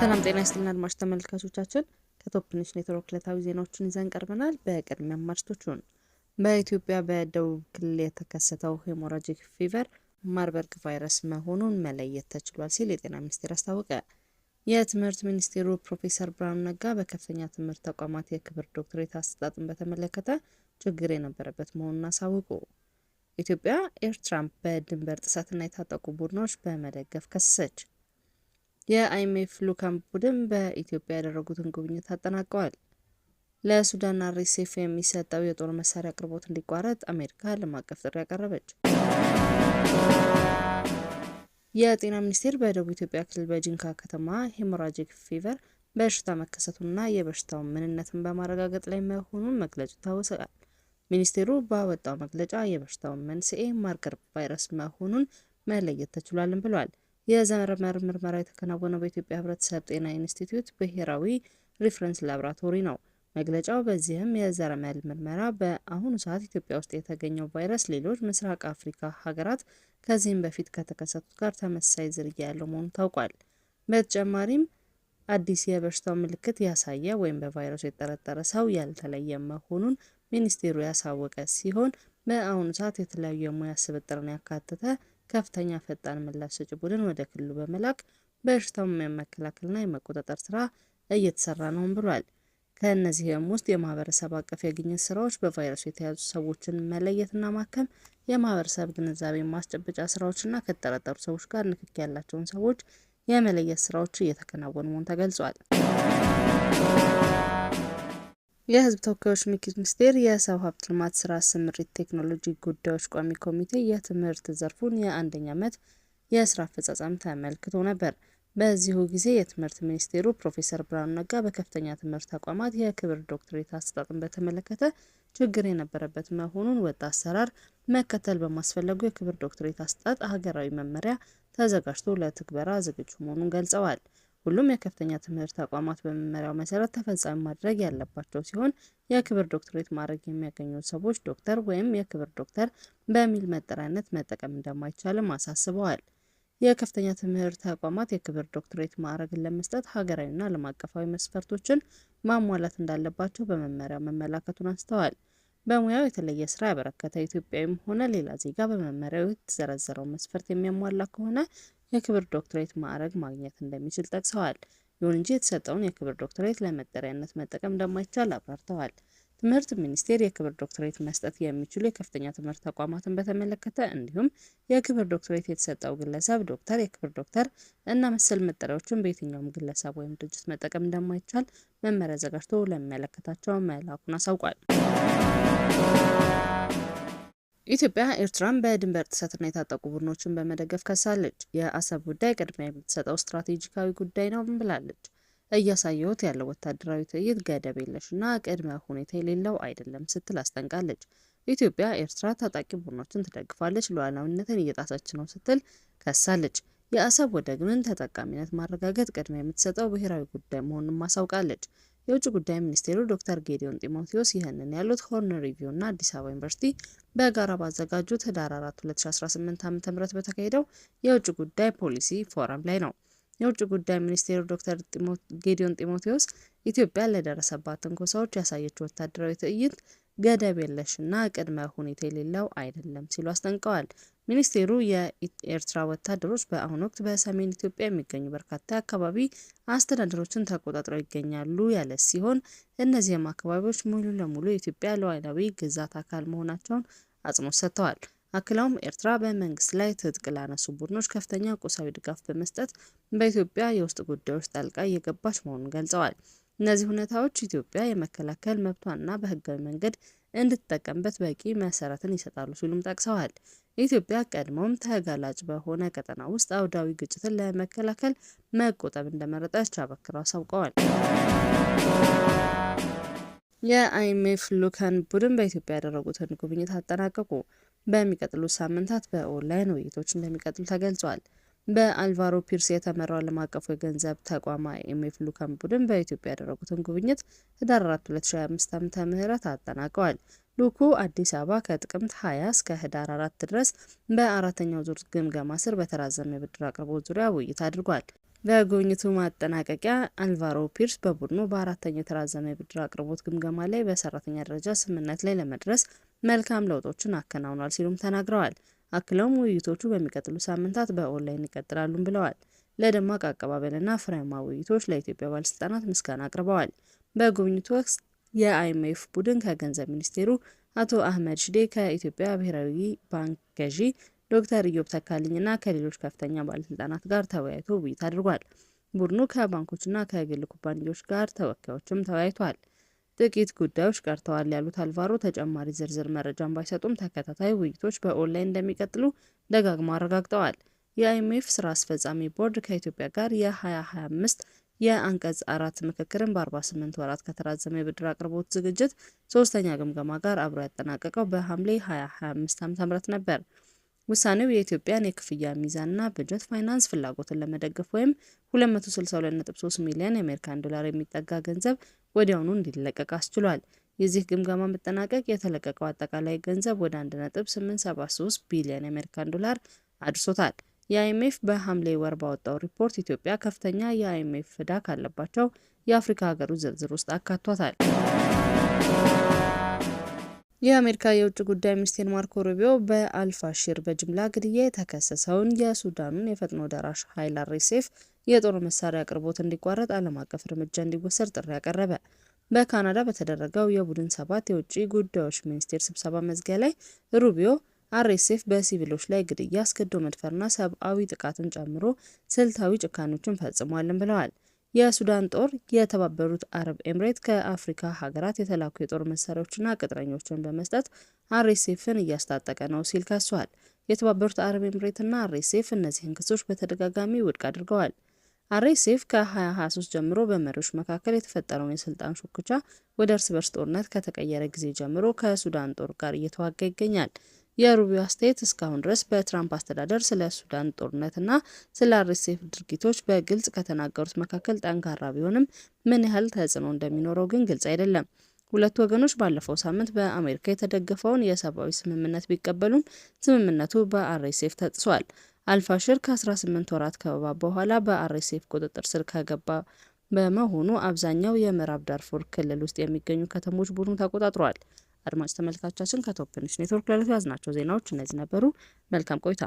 ሰላም ጤና ይስጥልን አድማጭ ተመልካቾቻችን፣ ከቶፕንሽ ኔትወርክ ዕለታዊ ዜናዎችን ይዘን ቀርበናል። በቅድሚያ አርዕስቶቹን፣ በኢትዮጵያ በደቡብ ክልል የተከሰተው ሄሞራጂክ ፊቨር ማርበርግ ቫይረስ መሆኑን መለየት ተችሏል ሲል የጤና ሚኒስቴር አስታወቀ። የትምህርት ሚኒስቴሩ ፕሮፌሰር ብርሃኑ ነጋ በከፍተኛ ትምህርት ተቋማት የክብር ዶክትሬት አሰጣጥን በተመለከተ ችግር የነበረበት መሆኑን አሳውቁ ኢትዮጵያ ኤርትራን በድንበር ጥሰትና የታጠቁ ቡድኖች በመደገፍ ከሰሰች። የአይኤምኤፍ ልዑካን ቡድን በኢትዮጵያ ያደረጉትን ጉብኝት አጠናቀዋል። ለሱዳን አርኤስኤፍ የሚሰጠው የጦር መሳሪያ አቅርቦት እንዲቋረጥ አሜሪካ ዓለም አቀፍ ጥሪ ያቀረበች። የጤና ሚኒስቴር በደቡብ ኢትዮጵያ ክልል በጂንካ ከተማ ሄሞራጂክ ፊቨር በሽታ መከሰቱንና የበሽታው ምንነትን በማረጋገጥ ላይ መሆኑን መግለጹ ይታወሳል። ሚኒስቴሩ ባወጣው መግለጫ የበሽታው መንስኤ ማርገር ቫይረስ መሆኑን መለየት ተችሏልን ብሏል። የዘረመር ምርመራ የተከናወነው በኢትዮጵያ ህብረተሰብ ጤና ኢንስቲትዩት ብሔራዊ ሪፍረንስ ላብራቶሪ ነው። መግለጫው በዚህም የዘረመል ምርመራ በአሁኑ ሰዓት ኢትዮጵያ ውስጥ የተገኘው ቫይረስ ሌሎች ምስራቅ አፍሪካ ሀገራት ከዚህም በፊት ከተከሰቱት ጋር ተመሳሳይ ዝርያ ያለው መሆኑ ታውቋል። በተጨማሪም አዲስ የበሽታው ምልክት ያሳየ ወይም በቫይረሱ የጠረጠረ ሰው ያልተለየ መሆኑን ሚኒስቴሩ ያሳወቀ ሲሆን በአሁኑ ሰዓት የተለያዩ የሙያ ስብጥርን ያካተተ ከፍተኛ ፈጣን ምላሽ ሰጪ ቡድን ወደ ክልሉ በመላክ በሽታውን የመከላከልና የመቆጣጠር ስራ እየተሰራ ነውም ብሏል። ከእነዚህም ውስጥ የማህበረሰብ አቀፍ የግኝት ስራዎች፣ በቫይረሱ የተያዙ ሰዎችን መለየትና ማከም፣ የማህበረሰብ ግንዛቤ ማስጨበጫ ስራዎችና ከተጠረጠሩ ሰዎች ጋር ንክኪ ያላቸውን ሰዎች የመለየት ስራዎች እየተከናወኑ መሆኑ ተገልጿል። የህዝብ ተወካዮች ምክር ሚኒስቴር የሰው ሀብት ልማት ስራ ስምሪት ቴክኖሎጂ ጉዳዮች ቋሚ ኮሚቴ የትምህርት ዘርፉን የአንደኛ ዓመት የስራ አፈጻጸም ተመልክቶ ነበር። በዚሁ ጊዜ የትምህርት ሚኒስቴሩ ፕሮፌሰር ብርሃኑ ነጋ በከፍተኛ ትምህርት ተቋማት የክብር ዶክትሬት አሰጣጥን በተመለከተ ችግር የነበረበት መሆኑን ወጥ አሰራር መከተል በማስፈለጉ የክብር ዶክትሬት አሰጣጥ ሀገራዊ መመሪያ ተዘጋጅቶ ለትግበራ ዝግጁ መሆኑን ገልጸዋል። ሁሉም የከፍተኛ ትምህርት ተቋማት በመመሪያው መሰረት ተፈጻሚ ማድረግ ያለባቸው ሲሆን የክብር ዶክትሬት ማድረግ የሚያገኙ ሰዎች ዶክተር ወይም የክብር ዶክተር በሚል መጠሪያነት መጠቀም እንደማይቻልም አሳስበዋል። የከፍተኛ ትምህርት ተቋማት የክብር ዶክትሬት ማዕረግን ለመስጠት ሀገራዊና ዓለም አቀፋዊ መስፈርቶችን ማሟላት እንዳለባቸው በመመሪያው መመላከቱን አንስተዋል። በሙያው የተለየ ስራ ያበረከተ ኢትዮጵያዊም ሆነ ሌላ ዜጋ በመመሪያው የተዘረዘረው መስፈርት የሚያሟላ ከሆነ የክብር ዶክትሬት ማዕረግ ማግኘት እንደሚችል ጠቅሰዋል። ይሁን እንጂ የተሰጠውን የክብር ዶክትሬት ለመጠሪያነት መጠቀም እንደማይቻል አብራርተዋል። ትምህርት ሚኒስቴር የክብር ዶክትሬት መስጠት የሚችሉ የከፍተኛ ትምህርት ተቋማትን በተመለከተ እንዲሁም የክብር ዶክትሬት የተሰጠው ግለሰብ ዶክተር፣ የክብር ዶክተር እና መሰል መጠሪያዎችን በየትኛውም ግለሰብ ወይም ድርጅት መጠቀም እንደማይቻል መመሪያ ዘጋጅቶ ለሚመለከታቸው መላኩን አሳውቋል። ኢትዮጵያ ኤርትራን በድንበር ጥሰትና የታጠቁ ቡድኖችን በመደገፍ ከሳለች። የአሰብ ጉዳይ ቅድሚያ የምትሰጠው ስትራቴጂካዊ ጉዳይ ነው ብላለች። እያሳየሁት ያለው ወታደራዊ ትዕይንት ገደብ የለሽና ቅድመ ሁኔታ የሌለው አይደለም ስትል አስጠንቃለች። ኢትዮጵያ ኤርትራ ታጣቂ ቡድኖችን ትደግፋለች፣ ሉዓላዊነትን እየጣሰች ነው ስትል ከሳለች። የአሰብ ወደብን ተጠቃሚነት ማረጋገጥ ቅድሚያ የምትሰጠው ብሔራዊ ጉዳይ መሆኑን ማሳውቃለች። የውጭ ጉዳይ ሚኒስቴሩ ዶክተር ጌዲዮን ጢሞቴዎስ ይህንን ያሉት ሆርን ሪቪው እና አዲስ አበባ ዩኒቨርሲቲ በጋራ ባዘጋጁት ህዳር 4 2018 ዓ.ም በተካሄደው የውጭ ጉዳይ ፖሊሲ ፎረም ላይ ነው። የውጭ ጉዳይ ሚኒስቴሩ ዶክተር ጌዲዮን ጢሞቴዎስ ኢትዮጵያ ለደረሰባት ትንኮሳዎች ያሳየችው ወታደራዊ ትዕይንት ገደብ የለሽና ቅድመ ሁኔታ የሌለው አይደለም ሲሉ አስጠንቅቀዋል። ሚኒስቴሩ የኤርትራ ወታደሮች በአሁኑ ወቅት በሰሜን ኢትዮጵያ የሚገኙ በርካታ አካባቢ አስተዳደሮችን ተቆጣጥረው ይገኛሉ ያለ ሲሆን እነዚህም አካባቢዎች ሙሉ ለሙሉ የኢትዮጵያ ሉዓላዊ ግዛት አካል መሆናቸውን አጽንኦት ሰጥተዋል። አክለውም ኤርትራ በመንግስት ላይ ትጥቅ ላነሱ ቡድኖች ከፍተኛ ቁሳዊ ድጋፍ በመስጠት በኢትዮጵያ የውስጥ ጉዳዮች ጣልቃ እየገባች መሆኑን ገልጸዋል። እነዚህ ሁኔታዎች ኢትዮጵያ የመከላከል መብቷንና በህጋዊ መንገድ እንድትጠቀምበት በቂ መሰረትን ይሰጣሉ ሲሉም ጠቅሰዋል። ኢትዮጵያ ቀድሞም ተጋላጭ በሆነ ቀጠና ውስጥ አውዳዊ ግጭትን ለመከላከል መቆጠብ እንደመረጠች አበክረው አሳውቀዋል። የአይኤምኤፍ ልዑካን ቡድን በኢትዮጵያ ያደረጉትን ጉብኝት አጠናቀቁ። በሚቀጥሉ ሳምንታት በኦንላይን ውይይቶች እንደሚቀጥሉ ተገልጿል። በአልቫሮ ፒርስ የተመራው ዓለም አቀፉ የገንዘብ ተቋም አይኤምኤፍ ልዑካን ቡድን በኢትዮጵያ ያደረጉትን ጉብኝት ህዳር 4 2025 ዓ.ም አጠናቀዋል። ልዑኩ አዲስ አበባ ከጥቅምት 20 እስከ ህዳር 4 ድረስ በአራተኛው ዙር ግምገማ ስር በተራዘመ የብድር አቅርቦት ዙሪያ ውይይት አድርጓል። በጉብኝቱ ማጠናቀቂያ አልቫሮ ፒርስ በቡድኑ በአራተኛው የተራዘመ የብድር አቅርቦት ግምገማ ላይ በሰራተኛ ደረጃ ስምምነት ላይ ለመድረስ መልካም ለውጦችን አከናውኗል ሲሉም ተናግረዋል። አክለውም ውይይቶቹ በሚቀጥሉ ሳምንታት በኦንላይን ይቀጥላሉም ብለዋል። ለደማቅ አቀባበልና ፍሬያማ ውይይቶች ለኢትዮጵያ ባለስልጣናት ምስጋና አቅርበዋል። በጉብኝቱ ወቅት የአይኤምኤፍ ቡድን ከገንዘብ ሚኒስቴሩ አቶ አህመድ ሽዴ ከኢትዮጵያ ብሔራዊ ባንክ ገዢ ዶክተር ኢዮብ ተካልኝና ከሌሎች ከፍተኛ ባለስልጣናት ጋር ተወያይቶ ውይይት አድርጓል። ቡድኑ ከባንኮችና ከግል ኩባንያዎች ጋር ተወካዮችም ተወያይቷል። ጥቂት ጉዳዮች ቀርተዋል ያሉት አልቫሮ ተጨማሪ ዝርዝር መረጃን ባይሰጡም ተከታታይ ውይይቶች በኦንላይን እንደሚቀጥሉ ደጋግሞ አረጋግጠዋል። የአይኤምኤፍ ስራ አስፈጻሚ ቦርድ ከኢትዮጵያ ጋር የ2025 የአንቀጽ አራት ምክክርን በ48 ወራት ከተራዘመ የብድር አቅርቦት ዝግጅት ሶስተኛ ግምገማ ጋር አብሮ ያጠናቀቀው በሐምሌ 2025 ም ነበር። ውሳኔው የኢትዮጵያን የክፍያ ሚዛንና በጀት ፋይናንስ ፍላጎትን ለመደገፍ ወይም 262.3 ሚሊዮን የአሜሪካን ዶላር የሚጠጋ ገንዘብ ወዲያውኑ እንዲለቀቅ አስችሏል። የዚህ ግምገማ መጠናቀቅ የተለቀቀው አጠቃላይ ገንዘብ ወደ 1.873 ቢሊዮን የአሜሪካን ዶላር አድርሶታል። የአይኤምኤፍ በሐምሌ ወር ባወጣው ሪፖርት ኢትዮጵያ ከፍተኛ የአይኤምኤፍ ዕዳ ካለባቸው የአፍሪካ ሀገሮች ዝርዝር ውስጥ አካቷታል። የአሜሪካ የውጭ ጉዳይ ሚኒስቴር ማርኮ ሩቢዮ በአልፋሽር በጅምላ ግድያ የተከሰሰውን የሱዳኑን የፈጥኖ ደራሽ ኃይል አሬሴፍ የጦር መሳሪያ አቅርቦት እንዲቋረጥ ዓለም አቀፍ እርምጃ እንዲወሰድ ጥሪ አቀረበ። በካናዳ በተደረገው የቡድን ሰባት የውጭ ጉዳዮች ሚኒስቴር ስብሰባ መዝጊያ ላይ ሩቢዮ አሬሴፍ በሲቪሎች ላይ ግድያ፣ አስገድዶ መድፈርና ሰብአዊ ጥቃትን ጨምሮ ስልታዊ ጭካኔዎችን ፈጽሟልን ብለዋል። የሱዳን ጦር የተባበሩት አረብ ኤምሬት ከአፍሪካ ሀገራት የተላኩ የጦር መሳሪያዎችና ቅጥረኞችን በመስጠት አርኤስኤፍን እያስታጠቀ ነው ሲል ከሷል። የተባበሩት አረብ ኤምሬትና አርኤስኤፍ እነዚህን ክሶች በተደጋጋሚ ውድቅ አድርገዋል። አርኤስኤፍ ከ2023 ጀምሮ በመሪዎች መካከል የተፈጠረውን የስልጣን ሹኩቻ ወደ እርስ በርስ ጦርነት ከተቀየረ ጊዜ ጀምሮ ከሱዳን ጦር ጋር እየተዋጋ ይገኛል። የሩቢዮ አስተያየት እስካሁን ድረስ በትራምፕ አስተዳደር ስለ ሱዳን ጦርነትና ስለ አርኤስኤፍ ድርጊቶች በግልጽ ከተናገሩት መካከል ጠንካራ ቢሆንም ምን ያህል ተጽዕኖ እንደሚኖረው ግን ግልጽ አይደለም። ሁለቱ ወገኖች ባለፈው ሳምንት በአሜሪካ የተደገፈውን የሰብአዊ ስምምነት ቢቀበሉም ስምምነቱ በአርኤስኤፍ ተጥሷል። አልፋሽር ከ18 ወራት ከበባ በኋላ በአርኤስኤፍ ቁጥጥር ስር ከገባ በመሆኑ አብዛኛው የምዕራብ ዳርፉር ክልል ውስጥ የሚገኙ ከተሞች ቡድኑ ተቆጣጥሯል። አድማጭ ተመልካቻችን ከቶፕንሽ ኔትወርክ ለዕለቱ ያዝናቸው ዜናዎች እነዚህ ነበሩ። መልካም ቆይታ